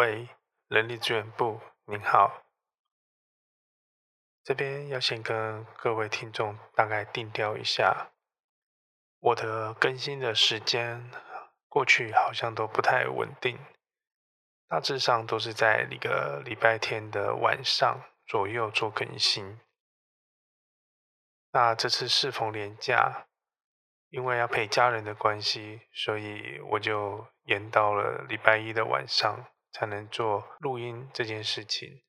喂，人力資源部，您好。這邊要先跟各位聽眾大概定調一下，我的更新的時間過去好像都不太穩定，大致上都是在一個禮拜天的晚上左右做更新。那這次適逢年假，因為要陪家人的關係，所以我就延到了禮拜一的晚上。才能做錄音這件事情。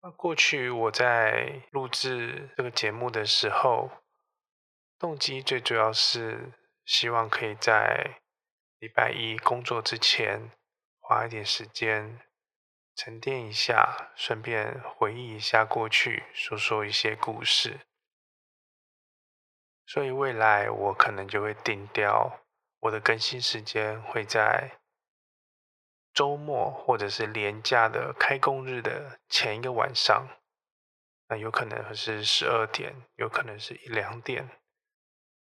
那過去我在錄製這個節目的時候，動機最主要是希望可以在禮拜一工作之前花一點時間沉澱一下，順便回憶一下過去，說說一些故事。所以未來我可能就會定調我的更新時間會在週末或者是連假的開工日的前一個晚上，那有可能是十二點，有可能是一兩點，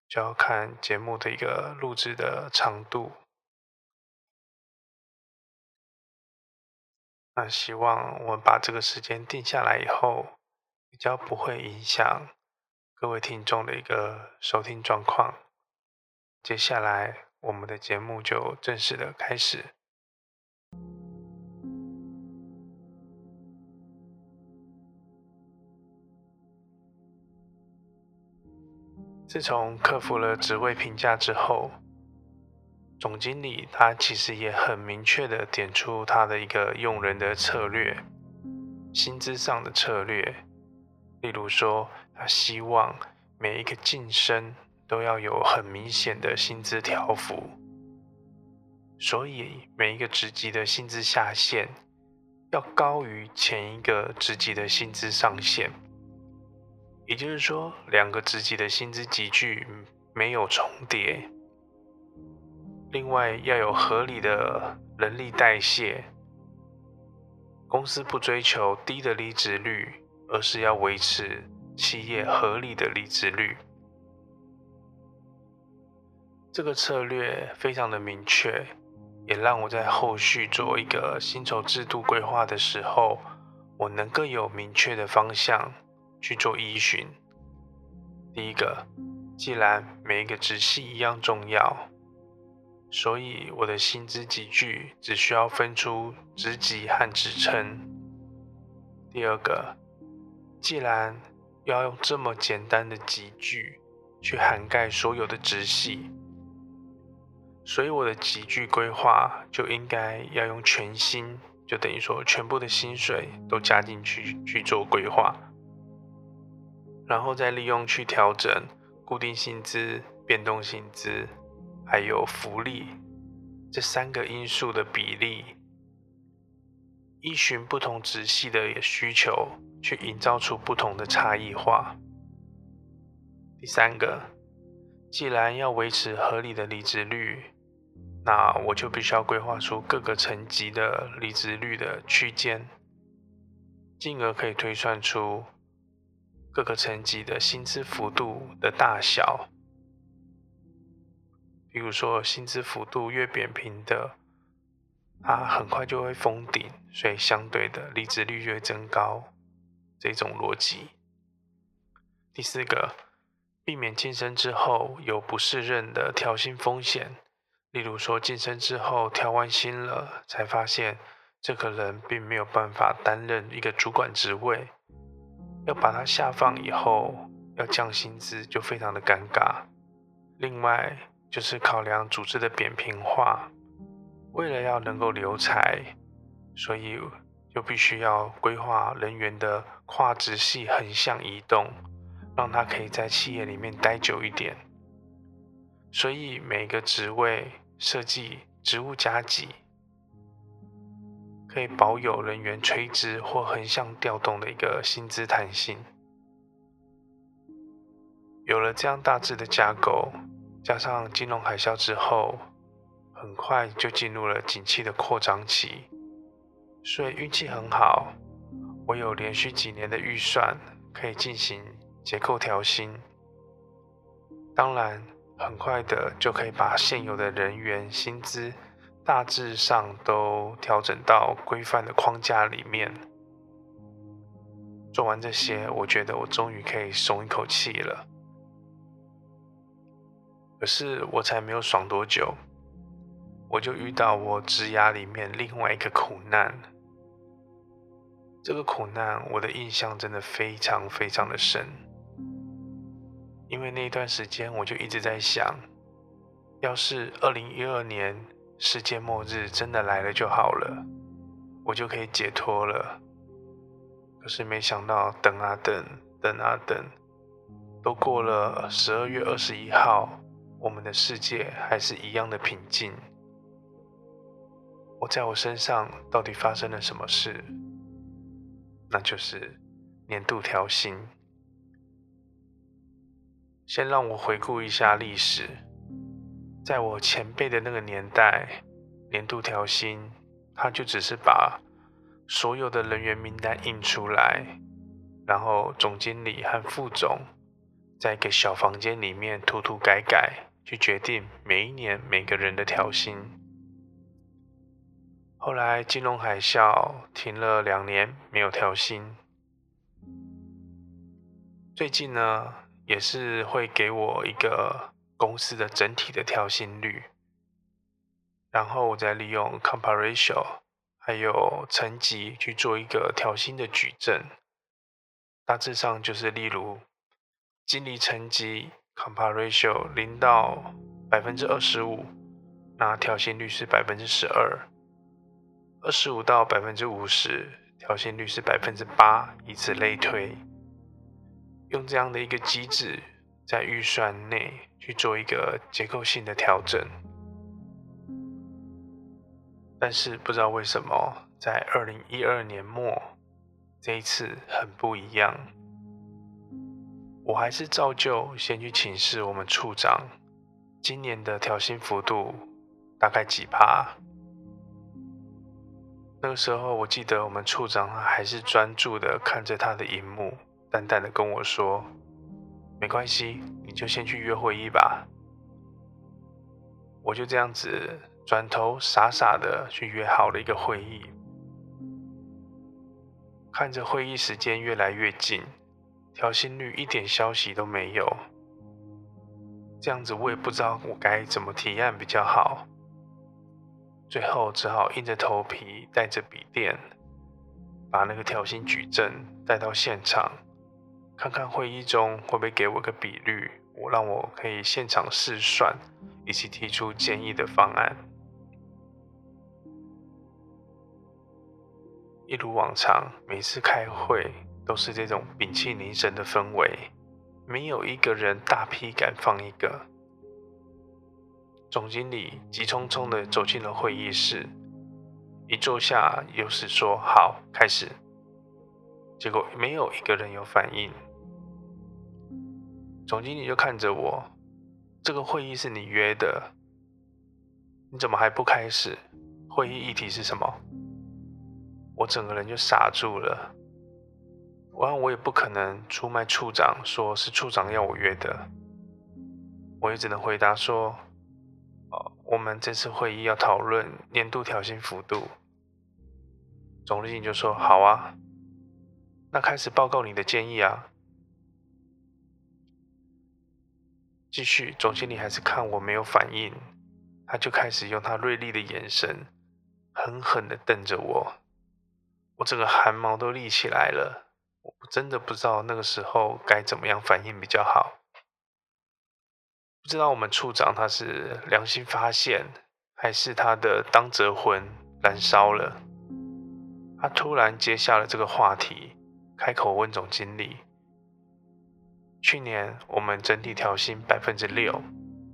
就要看節目的一個錄製的長度。那希望我們把這個時間定下來以後，比較不會影響各位聽眾的一個收聽狀況。接下來，我們的節目就正式的開始。自從克服了職位評價之後，總經理他其實也很明確的點出他的一個用人的策略、薪資上的策略，例如說他希望每一個晉升都要有很明顯的薪資調幅，所以每一個職級的薪資下限要高於前一個職級的薪資上限。也就是說，兩個職級的薪資級距沒有重疊。另外，要有合理的人力代謝。公司不追求低的離職率，而是要維持企業合理的離職率。這個策略非常的明確，也讓我在後續做一個薪酬制度規劃的時候，我能更有明確的方向，去做依循。第一個，既然每一個職系一樣重要，所以我的薪資級距只需要分出職級和職稱。第二個，既然要用這麼簡單的級距去涵蓋所有的職系，所以我的級距規劃就應該要用全薪，就等於說全部的薪水都加進去去做規劃。然後再利用去調整固定薪資、變動薪資，還有福利這三個因素的比例，依循不同職系的需求，去營造出不同的差異化。第三個，既然要維持合理的離職率，那我就必須要規劃出各個層級的離職率的區間，進而可以推算出。各個層級的薪資幅度的大小，比如說薪資幅度越扁平的，它很快就會封頂，所以相對的離職率越增高，這種邏輯。第四個，避免晉升之後有不適任的調薪風險，例如說晉升之後調完薪了，才發現這個人並沒有辦法擔任一個主管職位。要把它下放以後，要降薪資就非常的尷尬。另外就是考量組織的扁平化，為了要能夠留才，所以就必須要規劃人員的跨職系橫向移動，讓他可以在企業裡面待久一點。所以每個職位設計職務加給。可以保有人員垂直或橫向調動的一個薪資彈性。有了這樣大致的架構，加上金融海嘯之後，很快就進入了景氣的擴張期。所以運氣很好，我有連續幾年的預算可以進行結構調薪。當然，很快的就可以把現有的人員薪資。大致上都調整到規範的框架裡面。做完這些，我覺得我終於可以鬆一口氣了。可是我才沒有爽多久，我就遇到我職涯裡面另外一個苦難。這個苦難我的印象真的非常非常的深，因為那一段時間我就一直在想，要是二零一二年。世界末日真的來了就好了，我就可以解脫了。可是沒想到等啊等，等啊等，都過了十二月二十一號，我們的世界還是一樣的平靜。我在我身上到底發生了什麼事？那就是年度調薪。先讓我回顧一下歷史。在我前輩的那個年代，年度調薪，他就只是把所有的人員名單印出來，然後總經理和副總在一個小房間裡面塗塗改改，去決定每一年每個人的調薪。後來金融海嘯停了兩年沒有調薪，最近呢也是會給我一個。公司的整體的調薪率，然後我再利用 comparatio 還有成績去做一個調薪的矩陣，大致上就是，例如經理成績 comparatio 零到百分之二十五，那調薪率是百分之十二；二十五到百分之五十，調薪率是百分之八，以此類推。用這樣的一個機制。在預算內去做一個結構性的調整，但是不知道為什麼，在二零一二年末這一次很不一樣。我還是照舊先去請示我們處長，今年的調薪幅度大概幾趴？那個時候我記得我們處長還是專注的看着他的熒幕，淡淡的跟我說。沒關係，你就先去約會議吧。我就這樣子轉頭傻傻的去約好了一個會議，看着會議時間越來越近，調薪率一點消息都沒有。這樣子我也不知道我該怎麼提案比較好，最後只好硬着頭皮帶着筆電，把那個調薪矩陣帶到現場。看看會議中會不會給我個比率，我讓我可以現場試算，以及提出建議的方案。一如往常，每次開會都是這種屏氣凝神的氛圍，沒有一個人大屁敢放一個。總經理急匆匆的走進了會議室，一坐下又是說：“好，開始。”結果沒有一個人有反應。總經理就看着我，這個會議是你約的，你怎麼還不開始？會議議題是什麼？我整個人就傻住了。然後我也不可能出賣處長，說是處長要我約的，我也只能回答說：我們這次會議要討論年度調薪幅度。總經理就說：好啊，那開始報告你的建議啊。繼續，總經理還是看我沒有反應，他就開始用他銳利的眼神狠狠的瞪着我，我整個汗毛都立起來了，我真的不知道那個時候該怎麼樣反應比較好，不知道我們處長他是良心發現，還是他的當責魂燃燒了，他突然接下了這個話題，開口問總經理。去年我們整體調薪百分之六，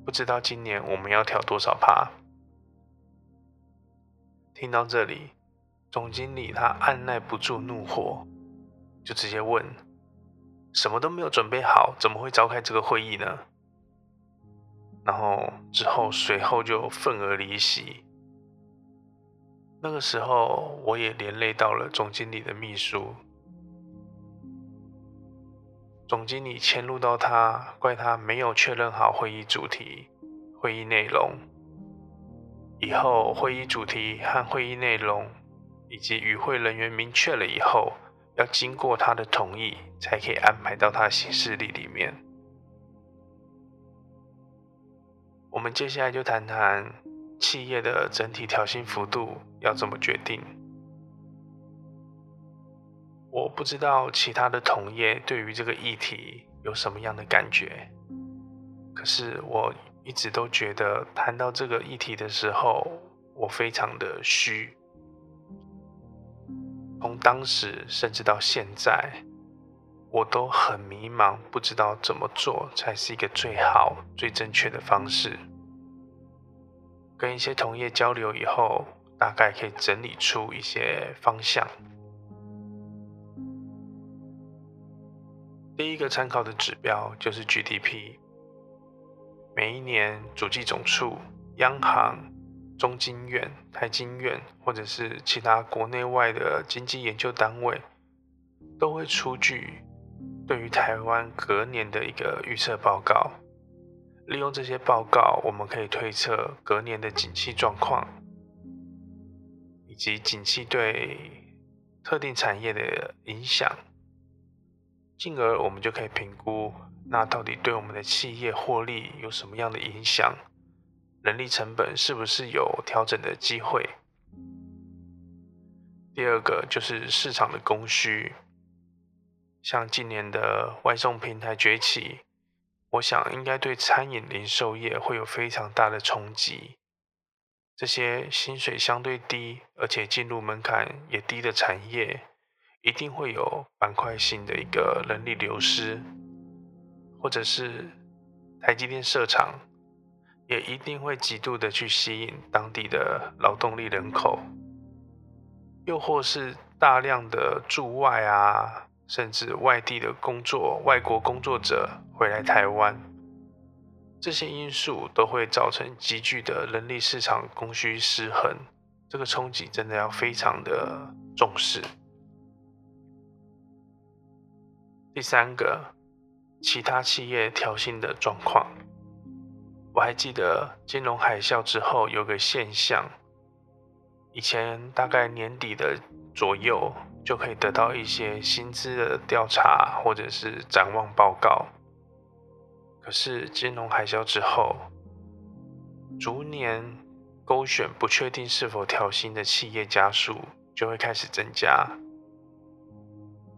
不知道今年我們要調多少趴？聽到這裡，總經理他按捺不住怒火，就直接問：“什麼都沒有準備好，怎麼會召開這個會議呢？”然後之後隨後就憤而離席。那個時候我也連累到了總經理的秘書。總經理遷怒到他，怪他沒有確認好會議主題、會議內容。以後會議主題和會議內容以及與會人員明確了以後，要經過他的同意才可以安排到他的行事曆裡面。我們接下來就談談企業的整體調薪幅度要怎麼決定。我不知道其他的同業對於這個議題有什麼樣的感覺，可是我一直都覺得談到這個議題的時候，我非常的虛。從當時甚至到現在，我都很迷茫，不知道怎麼做才是一個最好、最正確的方式。跟一些同業交流以後，大概可以整理出一些方向。第一個參考的指標就是 GDP，每一年主計總處、央行、中經院、台經院，或者是其他國內外的經濟研究單位，都會出具對於台灣隔年的一個預測報告。利用這些報告，我們可以推測隔年的景氣狀況，以及景氣對特定產業的影響。進而我們就可以評估，那到底對我們的企業獲利有什麼樣的影響？人力成本是不是有調整的機會？第二個就是市場的供需，像今年的外送平台崛起，我想應該對餐飲零售業會有非常大的衝擊。這些薪水相對低，而且進入門檻也低的產業。一定會有板塊性的一個人力流失，或者是台積電設廠，也一定會極度的去吸引當地的勞動力人口，又或是大量的駐外啊，甚至外地的工作、外國工作者回來台灣，這些因素都會造成急劇的人力市場供需失衡，這個衝擊真的要非常的重視。第三個，其他企業調薪的狀況，我還記得金融海嘯之後有個現象，以前大概年底的左右就可以得到一些薪資的調查或者是展望報告，可是金融海嘯之後，逐年勾選不確定是否調薪的企業家數就會開始增加。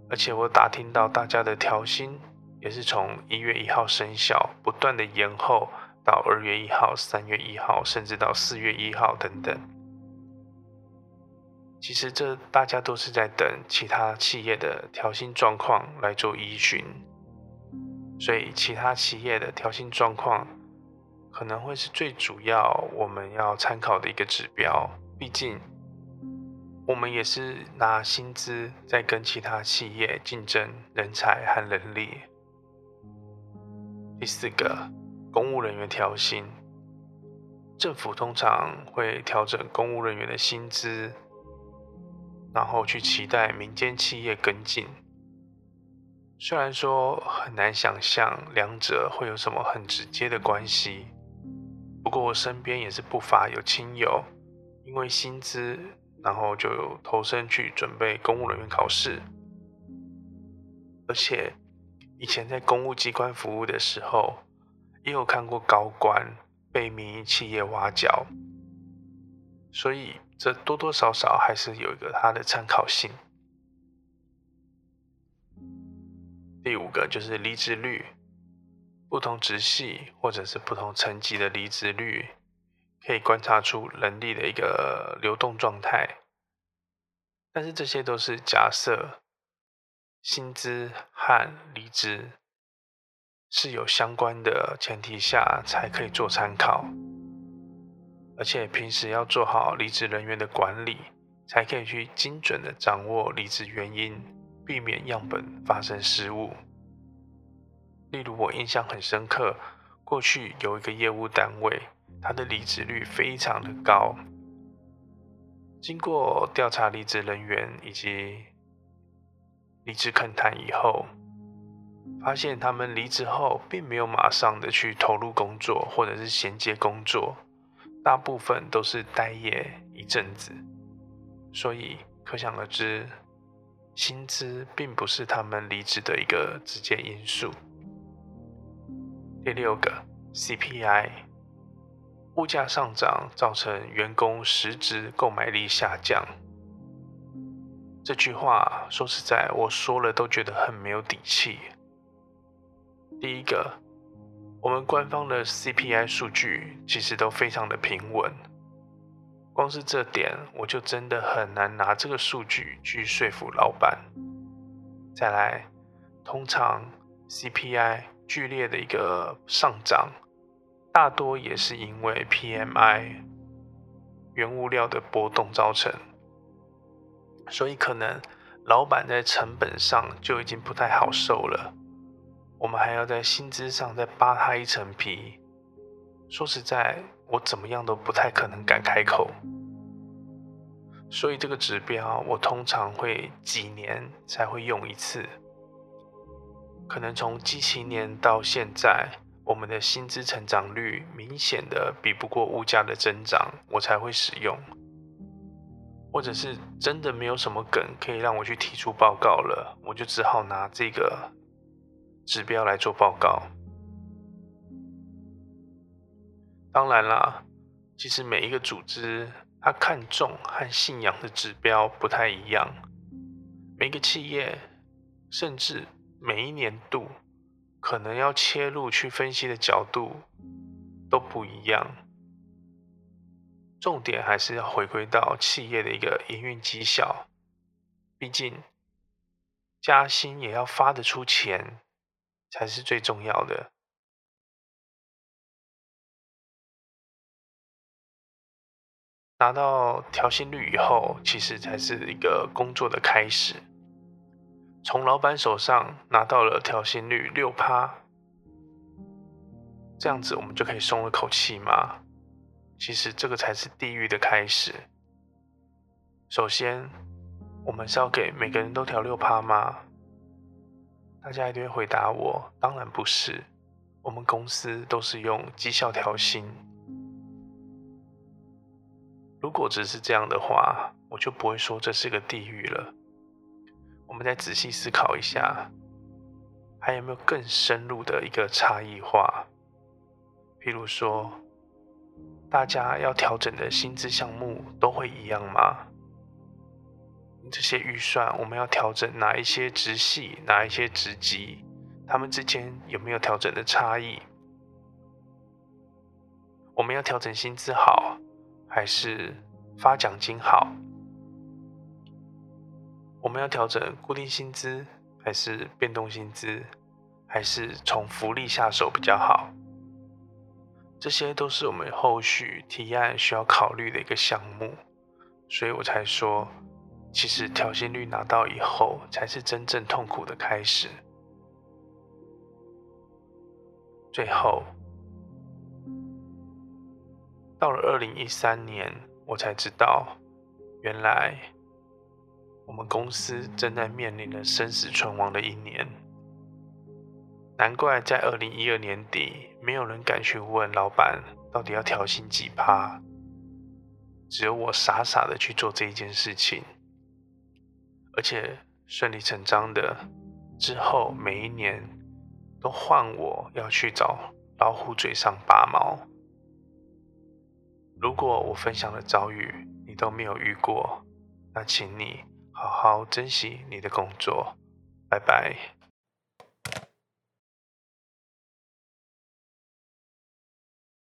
而且我打聽到，大家的調薪也是從一月一號生效，不斷的延後到二月一號、三月一號，甚至到四月一號等等。其實這大家都是在等其他企業的調薪狀況來做依循，所以其他企業的調薪狀況可能會是最主要我們要參考的一個指標，畢竟。我們也是拿薪資在跟其他企業競爭人才和能力。第四個，公務人員調薪，政府通常會調整公務人員的薪資，然後去期待民間企業跟進。雖然說很難想象兩者會有什麼很直接的關係，不過我身邊也是不乏有親友因為薪資。然後就投身去準備公務人員考試，而且以前在公務機關服務的時候，也有看過高官被民營企業挖角，所以這多多少少還是有一個它的參考性。第五個就是離職率，不同職系或者是不同層級的離職率。可以觀察出人力的一個流動狀態，但是這些都是假設薪資和離職是有相關的前提下才可以做參考，而且平時要做好離職人員的管理，才可以去精準的掌握離職原因，避免樣本發生失誤。例如，我印象很深刻，過去有一個業務單位。他的離職率非常的高，經過調查離職人員以及離職懇談以後，發現他們離職後並沒有馬上的去投入工作或者是銜接工作，大部分都是待業一陣子。所以可想而知，薪資並不是他們離職的一個直接因素。第六個 CPI。物價上漲造成員工實質購買力下降。這句話說實在，我說了都覺得很沒有底氣。第一個，我們官方的 CPI 數據其實都非常的平穩，光是這點我就真的很難拿這個數據去說服老闆。再來，通常 CPI 劇烈的一個上漲。大多也是因為 PMI 原物料的波動造成，所以可能老闆在成本上就已經不太好受了，我們還要在薪資上再扒他一層皮。說實在，我怎麼樣都不太可能敢開口。所以這個指標，我通常會幾年才會用一次，可能從記七年到現在。我們的薪資成長率明顯的比不過物價的增長，我才會使用。或者是真的沒有什麼梗可以讓我去提出報告了，我就只好拿這個指標來做報告。當然啦，其實每一個組織它看重和信仰的指標不太一樣。每個企業甚至每一年度，可能要切入去分析的角度都不一樣，重點還是要回歸到企業的一個營運績效，畢竟加薪也要發得出錢才是最重要的。拿到調薪率以後，其實才是一個工作的開始。從老板手上拿到了調薪率六趴，這樣子我們就可以鬆了口氣嗎？其實這個才是地獄的開始。首先，我們是要給每個人都調六趴嗎？大家一定會回答我：當然不是，我們公司都是用績效調薪。如果只是這樣的話，我就不會說這是個地獄了。我們再仔細思考一下，還有沒有更深入的一個差異化？譬如說，大家要調整的薪資項目都會一樣嗎？這些預算我們要調整哪一些職系、哪一些職級？他們之間有沒有調整的差異？我們要調整薪資好，還是發獎金好？我們要調整固定薪資，還是變動薪資，還是從福利下手比較好？這些都是我們後續提案需要考慮的一個項目，所以我才說，其實調薪率拿到以後，才是真正痛苦的開始。最後，到了二零一三年，我才知道，原來，我們公司正在面臨了生死存亡的一年，難怪在二零一二年底，沒有人敢去問老板到底要調薪幾趴，只有我傻傻的去做這一件事情，而且順理成章的，之後每一年都換我要去找老虎嘴上拔毛。如果我分享的遭遇你都沒有遇過，那請你，好好珍惜你的工作，拜拜。